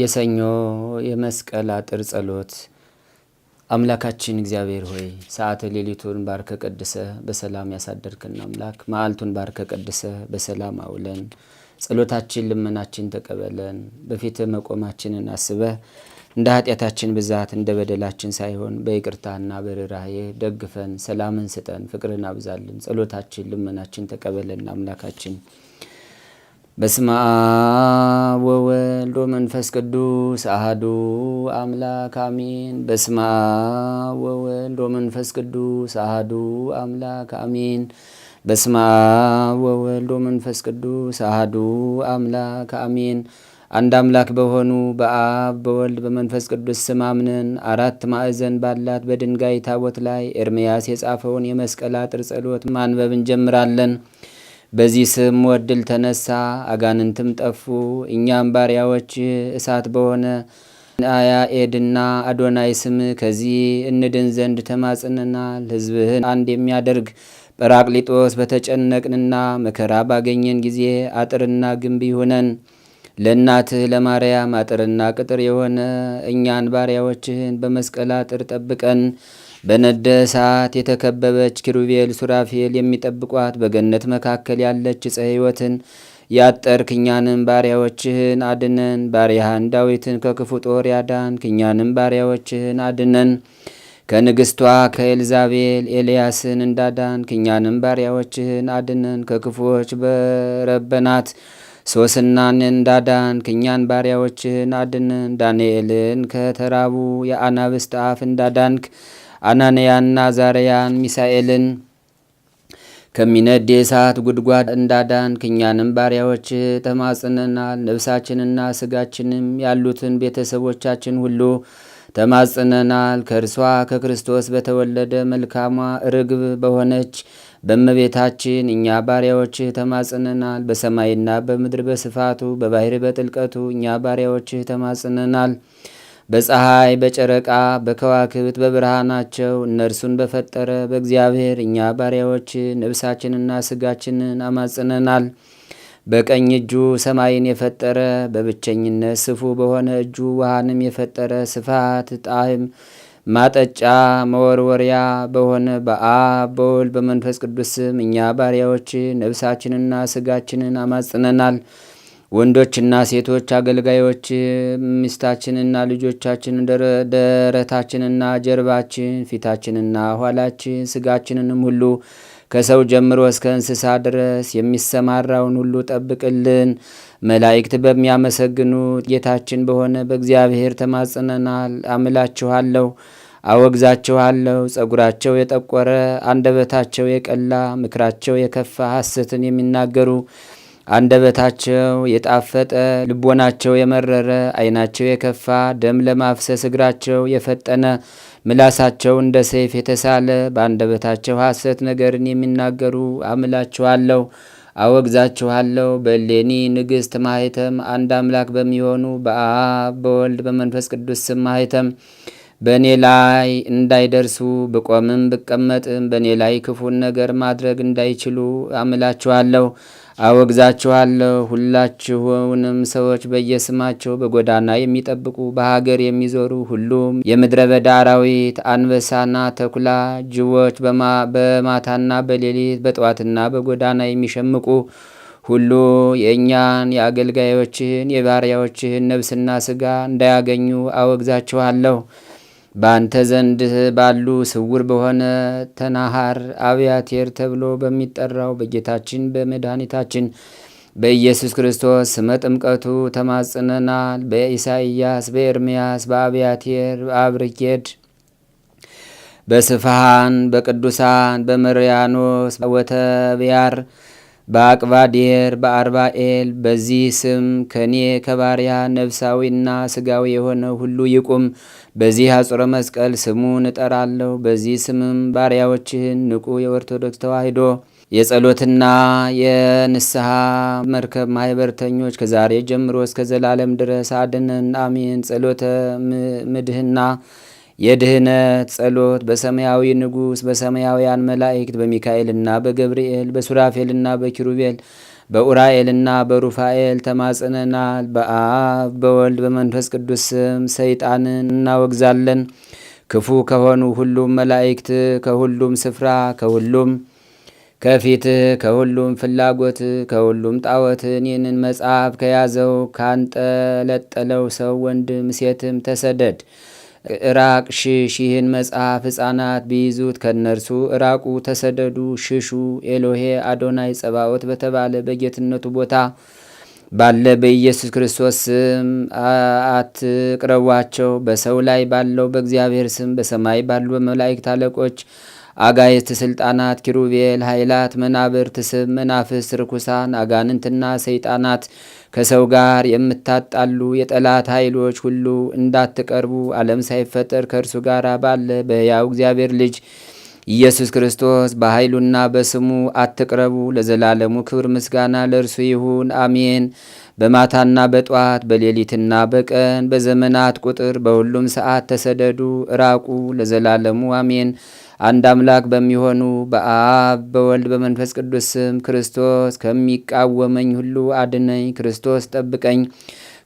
የሰኞ የመስቀል አጥር ጸሎት። አምላካችን እግዚአብሔር ሆይ ሰዓተ ሌሊቱን ባርከ ቀድሰ በሰላም ያሳደርክን አምላክ መዓልቱን ባርከ ቀድሰ በሰላም አውለን። ጸሎታችን ልመናችን ተቀበለን። በፊት መቆማችንን አስበ እንደ ኃጢአታችን ብዛት እንደ በደላችን ሳይሆን በይቅርታና በርራዬ ደግፈን፣ ሰላምን ስጠን፣ ፍቅርን አብዛልን። ጸሎታችን ልመናችን ተቀበለን አምላካችን በስመ አብ ወወልድ ወመንፈስ ቅዱስ አህዱ አምላክ አሜን። በስመ አብ ወወልድ ወመንፈስ ቅዱስ አህዱ አምላክ አሜን። በስመ አብ ወወልድ ወመንፈስ ቅዱስ አህዱ አምላክ አሜን። አንድ አምላክ በሆኑ በአብ በወልድ በመንፈስ ቅዱስ ስም አምነን አራት ማዕዘን ባላት በድንጋይ ታቦት ላይ ኤርምያስ የጻፈውን የመስቀል አጥር ጸሎት ማንበብ እንጀምራለን። በዚህ ስም ወድል ተነሳ፣ አጋንንትም ጠፉ። እኛም ባሪያዎች እሳት በሆነ አያ ኤድና አዶናይ ስም ከዚህ እንድን ዘንድ ተማጽነናል። ሕዝብህን አንድ የሚያደርግ ጰራቅሊጦስ በተጨነቅንና መከራ ባገኘን ጊዜ አጥርና ግንብ ይሁነን። ለእናትህ ለማርያም አጥርና ቅጥር የሆነ እኛን ባሪያዎችህን በመስቀል አጥር ጠብቀን በነደ እሳት የተከበበች ኪሩቤል ሱራፌል የሚጠብቋት በገነት መካከል ያለች ዕፀ ሕይወትን ያጠርክ እኛንም ባሪያዎችህን አድነን። ባሪያህን ዳዊትን ከክፉ ጦር ያዳንክ እኛንም ባሪያዎችህን አድነን። ከንግሥቷ ከኤልዛቤል ኤልያስን እንዳዳንክ እኛንም ባሪያዎችህን አድነን። ከክፉዎች በረበናት ሶስናን እንዳዳንክ እኛን ባሪያዎችህን አድነን። ዳንኤልን ከተራቡ የአናብስት አፍ እንዳዳንክ አናንያና ዛርያን ሚሳኤልን ከሚነድ የእሳት ጉድጓድ እንዳዳን እኛንም ባሪያዎች ተማጽነናል። ነፍሳችንና ስጋችንም ያሉትን ቤተሰቦቻችን ሁሉ ተማጽነናል። ከእርሷ ከክርስቶስ በተወለደ መልካሟ ርግብ በሆነች በእመቤታችን እኛ ባሪያዎችህ ተማጽነናል። በሰማይና በምድር በስፋቱ በባህር በጥልቀቱ እኛ ባሪያዎችህ ተማጽነናል። በፀሐይ በጨረቃ በከዋክብት በብርሃናቸው እነርሱን በፈጠረ በእግዚአብሔር እኛ ባሪያዎች ነብሳችንና ስጋችንን አማጽነናል። በቀኝ እጁ ሰማይን የፈጠረ በብቸኝነት ስፉ በሆነ እጁ ውሃንም የፈጠረ ስፋት፣ ጣዕም፣ ማጠጫ፣ መወርወሪያ በሆነ በአብ በወልድ በመንፈስ ቅዱስ ስም እኛ ባሪያዎች ነብሳችንና ስጋችንን አማጽነናል። ወንዶችና ሴቶች አገልጋዮች ሚስታችንና ልጆቻችን፣ ደረታችንና ጀርባችን፣ ፊታችንና ኋላችን፣ ስጋችንንም ሁሉ ከሰው ጀምሮ እስከ እንስሳ ድረስ የሚሰማራውን ሁሉ ጠብቅልን። መላእክት በሚያመሰግኑት ጌታችን በሆነ በእግዚአብሔር ተማጽነናል። አምላችኋለሁ፣ አወግዛችኋለሁ። ጸጉራቸው የጠቆረ፣ አንደበታቸው የቀላ፣ ምክራቸው የከፋ ሐሰትን የሚናገሩ አንደበታቸው የጣፈጠ ልቦናቸው የመረረ ዓይናቸው የከፋ ደም ለማፍሰስ እግራቸው የፈጠነ ምላሳቸው እንደ ሰይፍ የተሳለ በአንደበታቸው ሐሰት ነገርን የሚናገሩ አምላችኋለሁ አወግዛችኋለሁ በሌኒ ንግሥት ማህተም አንድ አምላክ በሚሆኑ በአብ በወልድ በመንፈስ ቅዱስ ስም ማህተም በእኔ ላይ እንዳይደርሱ ብቆምም ብቀመጥም በእኔ ላይ ክፉን ነገር ማድረግ እንዳይችሉ አምላችኋለሁ። አወግዛችኋለሁ። ሁላችሁንም ሰዎች በየስማቸው በጎዳና የሚጠብቁ በሀገር የሚዞሩ ሁሉም የምድረ በዳ አራዊት፣ አንበሳና ተኩላ፣ ጅቦች በማታና በሌሊት በጠዋትና በጎዳና የሚሸምቁ ሁሉ የእኛን የአገልጋዮችህን የባሪያዎችህን ነብስና ስጋ እንዳያገኙ አወግዛችኋለሁ። በአንተ ዘንድ ባሉ ስውር በሆነ ተናሃር አብያቴር ተብሎ በሚጠራው በጌታችን በመድኃኒታችን በኢየሱስ ክርስቶስ ስመ ጥምቀቱ ተማጽነናል። በኢሳይያስ፣ በኤርምያስ፣ በአብያቴር፣ በአብርጌድ፣ በስፋሃን፣ በቅዱሳን፣ በመርያኖስ፣ ወተብያር። በአቅባዴር በአርባኤል በዚህ ስም ከኔ ከባሪያ ነፍሳዊና ስጋዊ የሆነ ሁሉ ይቁም። በዚህ አጽረ መስቀል ስሙን እጠራለሁ። በዚህ ስምም ባሪያዎችህን ንቁ የኦርቶዶክስ ተዋሕዶ የጸሎትና የንስሐ መርከብ ማህበርተኞች ከዛሬ ጀምሮ እስከ ዘላለም ድረስ አድነን። አሜን። ጸሎተ ምድህና የድህነት ጸሎት በሰማያዊ ንጉሥ በሰማያውያን መላእክት በሚካኤልና በገብርኤል በሱራፌልና በኪሩቤል በኡራኤልና በሩፋኤል ተማጽነናል። በአብ በወልድ በመንፈስ ቅዱስ ስም ሰይጣንን እናወግዛለን። ክፉ ከሆኑ ሁሉም መላእክት ከሁሉም ስፍራ ከሁሉም ከፊትህ ከሁሉም ፍላጎት ከሁሉም ጣዖትን ይህንን መጽሐፍ ከያዘው ካንጠለጠለው ሰው ወንድም ሴትም ተሰደድ። ራቅ ሽሽ። ይህን መጽሐፍ ሕፃናት ቢይዙት ከነርሱ ራቁ፣ ተሰደዱ፣ ሽሹ። ኤሎሄ አዶናይ ጸባኦት በተባለ በጌትነቱ ቦታ ባለ በኢየሱስ ክርስቶስ ስም አትቅረቧቸው። በሰው ላይ ባለው በእግዚአብሔር ስም በሰማይ ባሉ በመላእክት አለቆች አጋይስት ስልጣናት፣ ኪሩቤል፣ ኃይላት፣ መናብርት፣ ትስብ መናፍስ፣ ርኩሳን አጋንንትና ሰይጣናት ከሰው ጋር የምታጣሉ የጠላት ኃይሎች ሁሉ እንዳትቀርቡ ዓለም ሳይፈጠር ከእርሱ ጋር ባለ በሕያው እግዚአብሔር ልጅ ኢየሱስ ክርስቶስ በኃይሉና በስሙ አትቅረቡ። ለዘላለሙ ክብር ምስጋና ለእርሱ ይሁን፣ አሜን። በማታና በጧት በሌሊትና በቀን በዘመናት ቁጥር በሁሉም ሰዓት ተሰደዱ እራቁ ለዘላለሙ አሜን። አንድ አምላክ በሚሆኑ በአብ በወልድ በመንፈስ ቅዱስ ስም ክርስቶስ ከሚቃወመኝ ሁሉ አድነኝ፣ ክርስቶስ ጠብቀኝ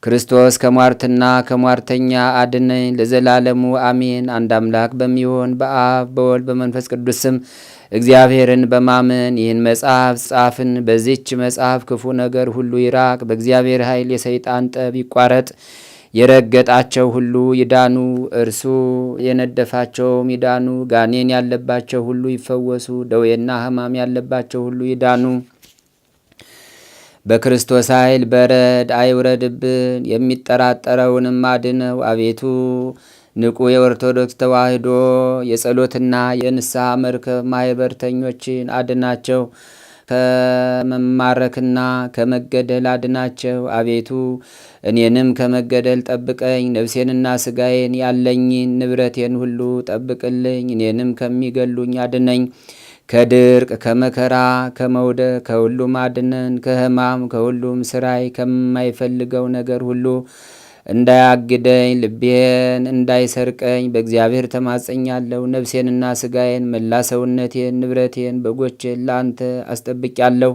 ክርስቶስ ከሟርትና ከሟርተኛ አድነኝ ለዘላለሙ አሜን። አንድ አምላክ በሚሆን በአብ በወልድ በመንፈስ ቅዱስ ስም እግዚአብሔርን በማመን ይህን መጽሐፍ ጻፍን። በዚች መጽሐፍ ክፉ ነገር ሁሉ ይራቅ፣ በእግዚአብሔር ኃይል የሰይጣን ጠብ ይቋረጥ፣ የረገጣቸው ሁሉ ይዳኑ፣ እርሱ የነደፋቸውም ይዳኑ፣ ጋኔን ያለባቸው ሁሉ ይፈወሱ፣ ደዌና ሕማም ያለባቸው ሁሉ ይዳኑ። በክርስቶስ ኃይል በረድ አይውረድብን፣ የሚጠራጠረውንም አድነው አቤቱ። ንቁ የኦርቶዶክስ ተዋህዶ የጸሎትና የንስሐ መርከብ ማህበርተኞችን አድናቸው፣ ከመማረክና ከመገደል አድናቸው አቤቱ። እኔንም ከመገደል ጠብቀኝ፣ ነፍሴንና ስጋዬን ያለኝን ንብረቴን ሁሉ ጠብቅልኝ፣ እኔንም ከሚገሉኝ አድነኝ። ከድርቅ ከመከራ ከመውደ ከሁሉም አድነን፣ ከህማም ከሁሉም ስራይ ከማይፈልገው ነገር ሁሉ እንዳያግደኝ ልቤን እንዳይሰርቀኝ በእግዚአብሔር ተማጸኛለሁ። ነፍሴንና ስጋዬን መላ ሰውነቴን ንብረቴን በጎቼን ለአንተ አስጠብቂያለሁ።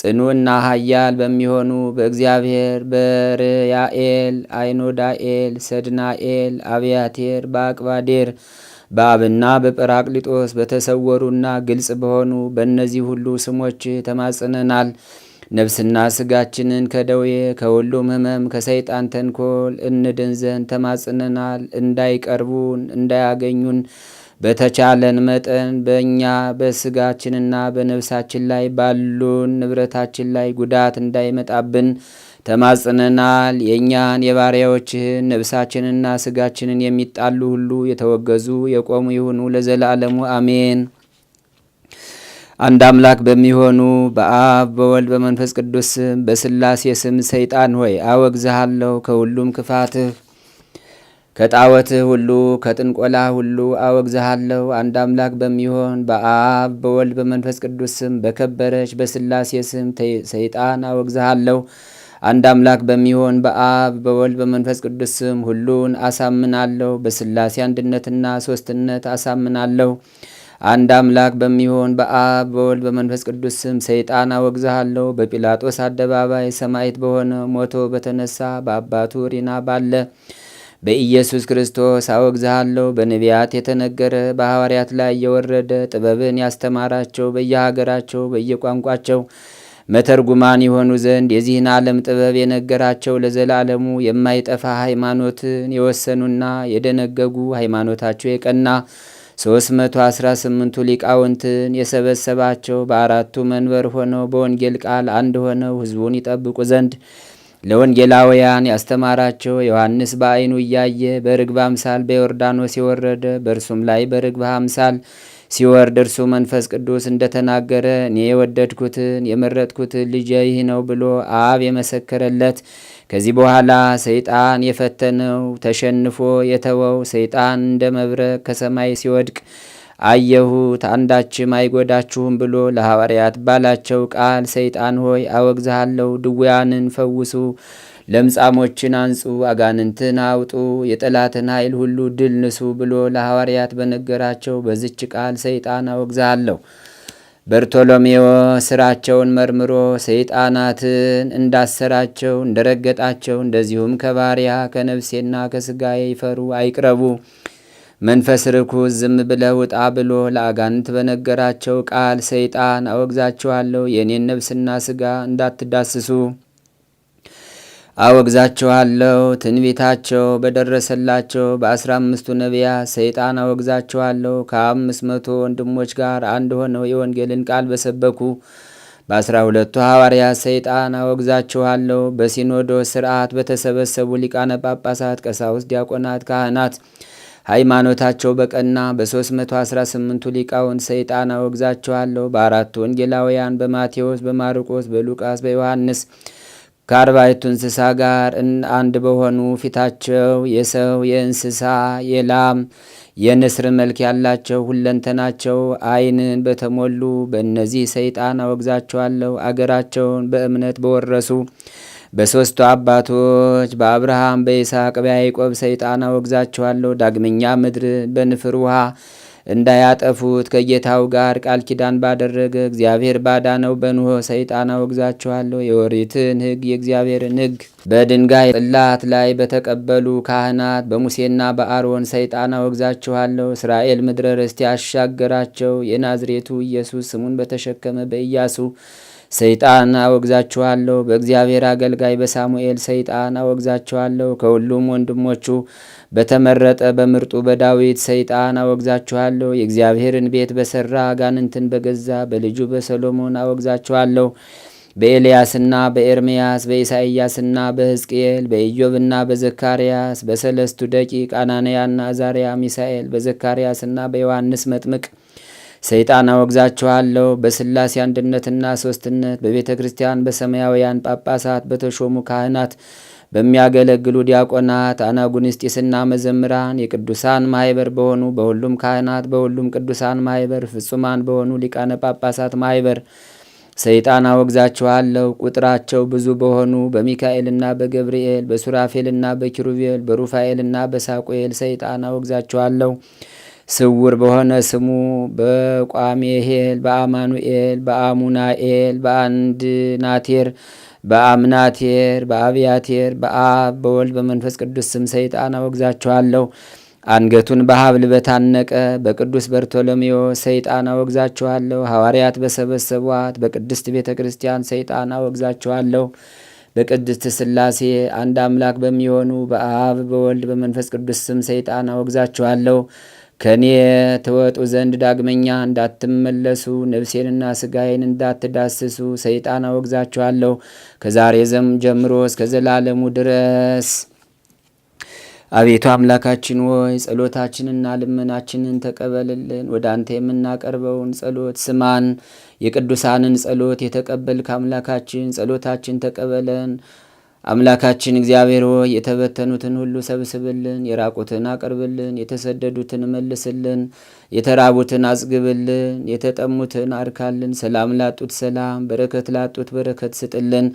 ጽኑና ኃያል በሚሆኑ በእግዚአብሔር በርያኤል አይኖዳኤል ሰድናኤል አብያቴር በአቅባዴር በአብና በጰራቅሊጦስ በተሰወሩና ግልጽ በሆኑ በእነዚህ ሁሉ ስሞች ተማጽነናል። ነፍስና ስጋችንን ከደዌ ከሁሉም ህመም ከሰይጣን ተንኮል እንድን ዘንድ ተማጽነናል። እንዳይቀርቡን እንዳያገኙን በተቻለን መጠን በእኛ በስጋችንና በነፍሳችን ላይ ባሉን ንብረታችን ላይ ጉዳት እንዳይመጣብን ተማጽነናል። የእኛን የባሪያዎችህን ነብሳችንና ስጋችንን የሚጣሉ ሁሉ የተወገዙ የቆሙ ይሁኑ ለዘላለሙ አሜን። አንድ አምላክ በሚሆኑ በአብ በወልድ በመንፈስ ቅዱስ ስም በስላሴ ስም ሰይጣን ሆይ አወግዝሃለሁ። ከሁሉም ክፋትህ ከጣወትህ ሁሉ ከጥንቆላ ሁሉ አወግዝሃለሁ። አንድ አምላክ በሚሆን በአብ በወልድ በመንፈስ ቅዱስ ስም በከበረች በስላሴ ስም ሰይጣን አወግዝሃለሁ። አንድ አምላክ በሚሆን በአብ በወልድ በመንፈስ ቅዱስ ስም ሁሉን አሳምናለሁ። በስላሴ አንድነትና ሶስትነት አሳምናለሁ። አንድ አምላክ በሚሆን በአብ በወልድ በመንፈስ ቅዱስ ስም ሰይጣን አወግዛሃለሁ። በጲላጦስ አደባባይ ሰማዕት በሆነ ሞቶ በተነሳ በአባቱ ሪና ባለ በኢየሱስ ክርስቶስ አወግዛሃለሁ። በነቢያት የተነገረ በሐዋርያት ላይ የወረደ ጥበብን ያስተማራቸው በየሀገራቸው በየቋንቋቸው መተርጉማን የሆኑ ዘንድ የዚህን ዓለም ጥበብ የነገራቸው ለዘላለሙ የማይጠፋ ሃይማኖትን የወሰኑና የደነገጉ ሃይማኖታቸው የቀና ሶስት መቶ አስራ ስምንቱ ሊቃውንትን የሰበሰባቸው በአራቱ መንበር ሆነው በወንጌል ቃል አንድ ሆነው ሕዝቡን ይጠብቁ ዘንድ ለወንጌላውያን ያስተማራቸው ዮሐንስ በዓይኑ እያየ በርግብ አምሳል በዮርዳኖስ የወረደ በእርሱም ላይ በርግብ አምሳል ሲወርድ እርሱ መንፈስ ቅዱስ እንደተናገረ እኔ የወደድኩትን የመረጥኩትን ልጄ ይህ ነው ብሎ አብ የመሰከረለት ከዚህ በኋላ ሰይጣን የፈተነው ተሸንፎ የተወው ሰይጣን እንደ መብረቅ ከሰማይ ሲወድቅ አየሁት አንዳችም አይጎዳችሁም ብሎ ለሐዋርያት ባላቸው ቃል ሰይጣን ሆይ አወግዝሃለሁ፣ ድውያንን ፈውሱ፣ ለምጻሞችን አንጹ፣ አጋንንትን አውጡ፣ የጠላትን ኃይል ሁሉ ድል ንሱ ብሎ ለሐዋርያት በነገራቸው በዝች ቃል ሰይጣን አወግዝሃለሁ። በርቶሎሜዎ ስራቸውን መርምሮ ሰይጣናትን እንዳሰራቸው እንደረገጣቸው እንደዚሁም ከባሪያ ከነፍሴና ከስጋዬ ይፈሩ አይቅረቡ መንፈስ ርኩስ ዝም ብለህ ውጣ ብሎ ለአጋንንት በነገራቸው ቃል ሰይጣን አወግዛችኋለሁ፣ የእኔን ነፍስና ሥጋ እንዳትዳስሱ አወግዛችኋለሁ። ትንቢታቸው በደረሰላቸው በአስራ አምስቱ ነቢያ ሰይጣን አወግዛችኋለሁ፣ ከአምስት መቶ ወንድሞች ጋር አንድ ሆነው የወንጌልን ቃል በሰበኩ በአስራ ሁለቱ ሐዋርያ ሰይጣን አወግዛችኋለሁ። በሲኖዶ ስርዓት በተሰበሰቡ ሊቃነ ጳጳሳት፣ ቀሳውስት፣ ዲያቆናት፣ ካህናት ሃይማኖታቸው በቀና በ318ቱ ሊቃውንት ሰይጣን አወግዛቸዋለሁ። በአራቱ ወንጌላውያን በማቴዎስ፣ በማርቆስ፣ በሉቃስ፣ በዮሐንስ ከአርባይቱ እንስሳ ጋር አንድ በሆኑ ፊታቸው የሰው የእንስሳ የላም የንስር መልክ ያላቸው ሁለንተናቸው ዓይንን በተሞሉ በእነዚህ ሰይጣን አወግዛቸዋለሁ። አገራቸውን በእምነት በወረሱ በሦስቱ አባቶች በአብርሃም በይስሐቅ በያዕቆብ ሰይጣን አወግዛቸዋለሁ። ዳግመኛ ምድር በንፍር ውሃ እንዳያጠፉት ከጌታው ጋር ቃል ኪዳን ባደረገ እግዚአብሔር ባዳነው በኖኅ ሰይጣን አወግዛችኋለሁ። የኦሪትን ሕግ የእግዚአብሔርን ሕግ በድንጋይ ጽላት ላይ በተቀበሉ ካህናት በሙሴና በአሮን ሰይጣን አወግዛችኋለሁ። እስራኤል ምድረ ርስት ያሻገራቸው የናዝሬቱ ኢየሱስ ስሙን በተሸከመ በኢያሱ ሰይጣን አወግዛችኋለሁ። በእግዚአብሔር አገልጋይ በሳሙኤል ሰይጣን አወግዛችኋለሁ። ከሁሉም ወንድሞቹ በተመረጠ በምርጡ በዳዊት ሰይጣን አወግዛችኋለሁ። የእግዚአብሔርን ቤት በሰራ አጋንንትን በገዛ በልጁ በሰሎሞን አወግዛችኋለሁ። በኤልያስና በኤርምያስ በኢሳይያስና በሕዝቅኤል በኢዮብና በዘካርያስ በሰለስቱ ደቂቅ አናንያና አዛርያ ሚሳኤል በዘካርያስና በዮሐንስ መጥምቅ ሰይጣን አወግዛችኋለሁ። በስላሴ አንድነትና ሦስትነት በቤተ ክርስቲያን በሰማያውያን ጳጳሳት በተሾሙ ካህናት በሚያገለግሉ ዲያቆናት፣ አናጉንስጢስና መዘምራን የቅዱሳን ማይበር በሆኑ በሁሉም ካህናት በሁሉም ቅዱሳን ማይበር ፍጹማን በሆኑ ሊቃነ ጳጳሳት ማይበር ሰይጣን አወግዛችኋለሁ። ቁጥራቸው ብዙ በሆኑ በሚካኤልና በገብርኤል በሱራፌልና በኪሩቤል በሩፋኤልና በሳቁኤል ሰይጣን አወግዛችኋለሁ። ስውር በሆነ ስሙ በቋሜሄል በአማኑኤል በአሙናኤል በአንድ ናቴር በአምናቴር በአብያቴር በአብ በወልድ በመንፈስ ቅዱስ ስም ሰይጣን አወግዛችኋለሁ። አንገቱን በሀብል በታነቀ በቅዱስ በርቶሎሜዎ ሰይጣን አወግዛችኋለሁ። ሐዋርያት በሰበሰቧት በቅድስት ቤተ ክርስቲያን ሰይጣን አወግዛችኋለሁ። በቅድስት ስላሴ አንድ አምላክ በሚሆኑ በአብ በወልድ በመንፈስ ቅዱስ ስም ሰይጣን አወግዛችኋለሁ። ከእኔ ትወጡ ዘንድ ዳግመኛ እንዳትመለሱ ነፍሴንና ስጋዬን እንዳትዳስሱ ሰይጣን አወግዛችኋለሁ ከዛሬ ዘም ጀምሮ እስከ ዘላለሙ ድረስ። አቤቱ አምላካችን ሆይ ጸሎታችንና ልመናችንን ተቀበልልን። ወደ አንተ የምናቀርበውን ጸሎት ስማን። የቅዱሳንን ጸሎት የተቀበልክ አምላካችን ጸሎታችን ተቀበለን። አምላካችን እግዚአብሔር ሆይ የተበተኑትን ሁሉ ሰብስብልን፣ የራቁትን አቅርብልን፣ የተሰደዱትን መልስልን፣ የተራቡትን አጽግብልን፣ የተጠሙትን አርካልን፣ ሰላም ላጡት ሰላም፣ በረከት ላጡት በረከት ስጥልን፣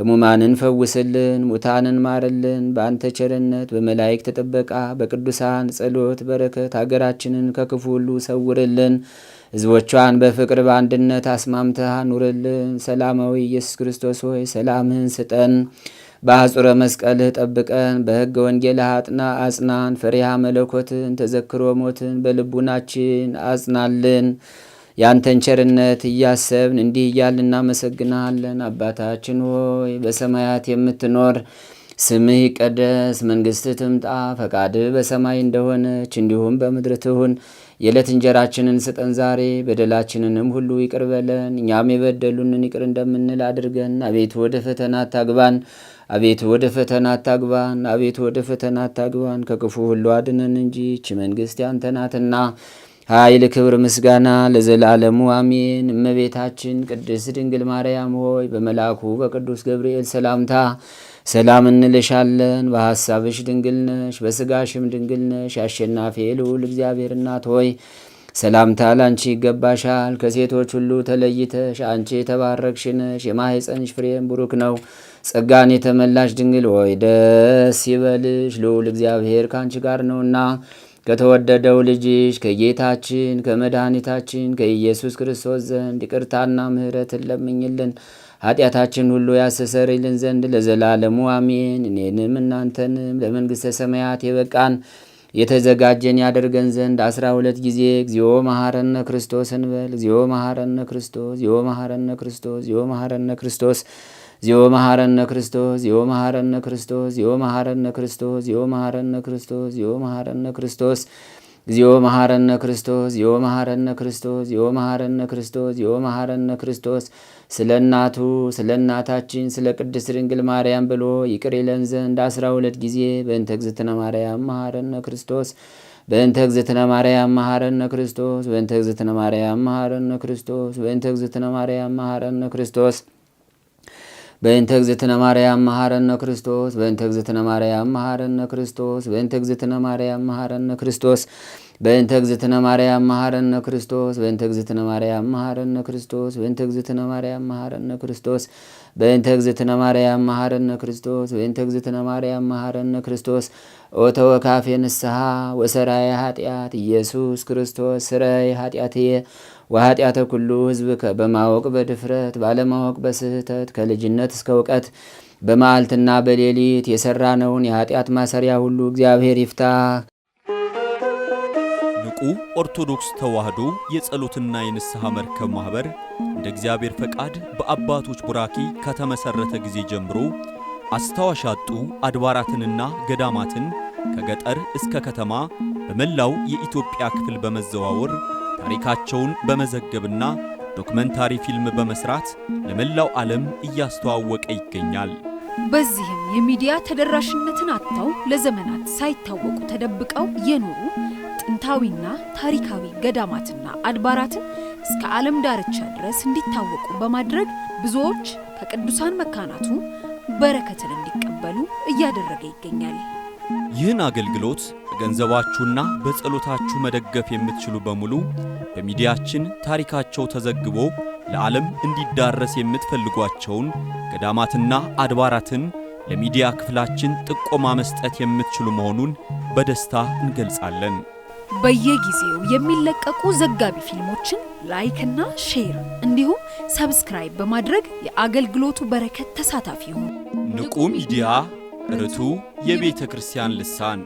ሕሙማንን ፈውስልን፣ ሙታንን ማርልን። በአንተ ቸርነት በመላይክ ተጠበቃ በቅዱሳን ጸሎት በረከት ሀገራችንን ከክፉ ሁሉ ሰውርልን። ህዝቦቿን በፍቅር በአንድነት አስማምተህ ኑርልን። ሰላማዊ ኢየሱስ ክርስቶስ ሆይ ሰላምህን ስጠን። በአጹረ መስቀልህ ጠብቀን፣ በሕገ ወንጌልህ አጥና አጽናን። ፈሪሃ መለኮትን ተዘክሮ ሞትን በልቡናችን አጽናልን። ያንተን ቸርነት እያሰብን እንዲህ እያል እናመሰግናለን። አባታችን ሆይ በሰማያት የምትኖር ስምህ ይቀደስ፣ መንግሥትህ ትምጣ፣ ፈቃድህ በሰማይ እንደሆነች እንዲሁም በምድር ትሁን። የዕለት እንጀራችንን ስጠን ዛሬ፣ በደላችንንም ሁሉ ይቅር በለን እኛም የበደሉንን ይቅር እንደምንል አድርገን፣ አቤቱ ወደ ፈተና አታግባን አቤቱ ወደ ፈተና አታግባን፣ አቤቱ ወደ ፈተና አታግባን፣ ከክፉ ሁሉ አድነን እንጂ ይህች መንግስት ያንተ ናትና ኃይል፣ ክብር፣ ምስጋና ለዘላለሙ አሜን። እመቤታችን ቅድስት ድንግል ማርያም ሆይ በመልአኩ በቅዱስ ገብርኤል ሰላምታ ሰላም እንልሻለን። በሐሳብሽ ድንግል ነሽ፣ በስጋሽም ድንግል ነሽ። አሸናፊ ልዑል እግዚአብሔር እናት ሆይ ሰላምታ ላንቺ ይገባሻል። ከሴቶች ሁሉ ተለይተሽ አንቺ የተባረክሽ ነሽ። የማኅፀንሽ ፍሬም ቡሩክ ነው። ጸጋን የተመላሽ ድንግል ሆይ ደስ ይበልሽ፣ ልዑል እግዚአብሔር ካንቺ ጋር ነውና ከተወደደው ልጅሽ ከጌታችን ከመድኃኒታችን ከኢየሱስ ክርስቶስ ዘንድ ይቅርታና ምሕረትን ለምኝልን ኃጢአታችን ሁሉ ያስተሰርይልን ዘንድ ለዘላለሙ አሜን። እኔንም እናንተንም ለመንግሥተ ሰማያት የበቃን የተዘጋጀን ያደርገን ዘንድ አስራ ሁለት ጊዜ እግዚኦ መሐረነ ክርስቶስ እንበል። እግዚኦ መሐረነ ክርስቶስ፣ እግዚኦ መሐረነ ክርስቶስ፣ እግዚኦ መሐረነ ክርስቶስ ዚኦ መሐረነ ክርስቶስ ዚኦ መሐረነ ክርስቶስ ዚኦ መሐረነ ክርስቶስ ዚኦ መሐረነ ክርስቶስ ዚኦ መሐረነ ክርስቶስ ዚዮ መሐረነ ክርስቶስ ዚኦ መሐረነ ክርስቶስ ዚኦ መሐረነ ክርስቶስ ዚኦ መሐረነ ክርስቶስ ስለ እናቱ ስለ እናታችን ስለ ቅድስት ድንግል ማርያም ብሎ ይቅር ይለን ዘንድ አስራ ሁለት ጊዜ በእንተ እግዝእትነ ማርያም መሐረነ ክርስቶስ በእንተ እግዝእትነ ማርያም መሐረነ ክርስቶስ በእንተ እግዝእትነ ማርያም መሐረነ ክርስቶስ በእንተ እግዝእትነ ማርያም መሐረነ ክርስቶስ በእንተ እግዝእትነ ማርያም መሐረነ ክርስቶስ በእንተ እግዝእትነ ማርያም መሐረነ ክርስቶስ በእንተ እግዝእትነ ማርያም መሐረነ ክርስቶስ በእንተ እግዝእትነ ማርያም መሐረነ ክርስቶስ በእንተ እግዝእትነ ማርያም መሐረነ ክርስቶስ በእንተ እግዝእትነ ማርያም መሐረነ ክርስቶስ በእንተ እግዝእትነ ማርያም መሐረነ ክርስቶስ በእንተ እግዝእትነ ማርያም መሐረነ ክርስቶስ ኦተወካፌ ንስሐ ወሰራይ ኃጢአት ኢየሱስ ክርስቶስ ስረይ ኃጢአትየ ወኃጢአተ ኩሉ ህዝብ በማወቅ በድፍረት ባለማወቅ በስህተት ከልጅነት እስከ እውቀት በመዓልትና በሌሊት የሰራነውን የኃጢአት ማሰሪያ ሁሉ እግዚአብሔር ይፍታ። የታላቁ ኦርቶዶክስ ተዋህዶ የጸሎትና የንስሐ መርከብ ማኅበር እንደ እግዚአብሔር ፈቃድ በአባቶች ቡራኪ ከተመሠረተ ጊዜ ጀምሮ አስታዋሽ አድባራትንና ገዳማትን ከገጠር እስከ ከተማ በመላው የኢትዮጵያ ክፍል በመዘዋወር ታሪካቸውን በመዘገብና ዶክመንታሪ ፊልም በመስራት ለመላው ዓለም እያስተዋወቀ ይገኛል። በዚህም የሚዲያ ተደራሽነትን አጥተው ለዘመናት ሳይታወቁ ተደብቀው የኖሩ ጥንታዊና ታሪካዊ ገዳማትና አድባራትን እስከ ዓለም ዳርቻ ድረስ እንዲታወቁ በማድረግ ብዙዎች ከቅዱሳን መካናቱ በረከትን እንዲቀበሉ እያደረገ ይገኛል። ይህን አገልግሎት በገንዘባችሁና በጸሎታችሁ መደገፍ የምትችሉ በሙሉ በሚዲያችን ታሪካቸው ተዘግቦ ለዓለም እንዲዳረስ የምትፈልጓቸውን ገዳማትና አድባራትን ለሚዲያ ክፍላችን ጥቆማ መስጠት የምትችሉ መሆኑን በደስታ እንገልጻለን። በየጊዜው የሚለቀቁ ዘጋቢ ፊልሞችን ላይክ እና ሼር እንዲሁም ሰብስክራይብ በማድረግ የአገልግሎቱ በረከት ተሳታፊ ይሁኑ። ንቁ ሚዲያ ርቱ የቤተ ክርስቲያን ልሳን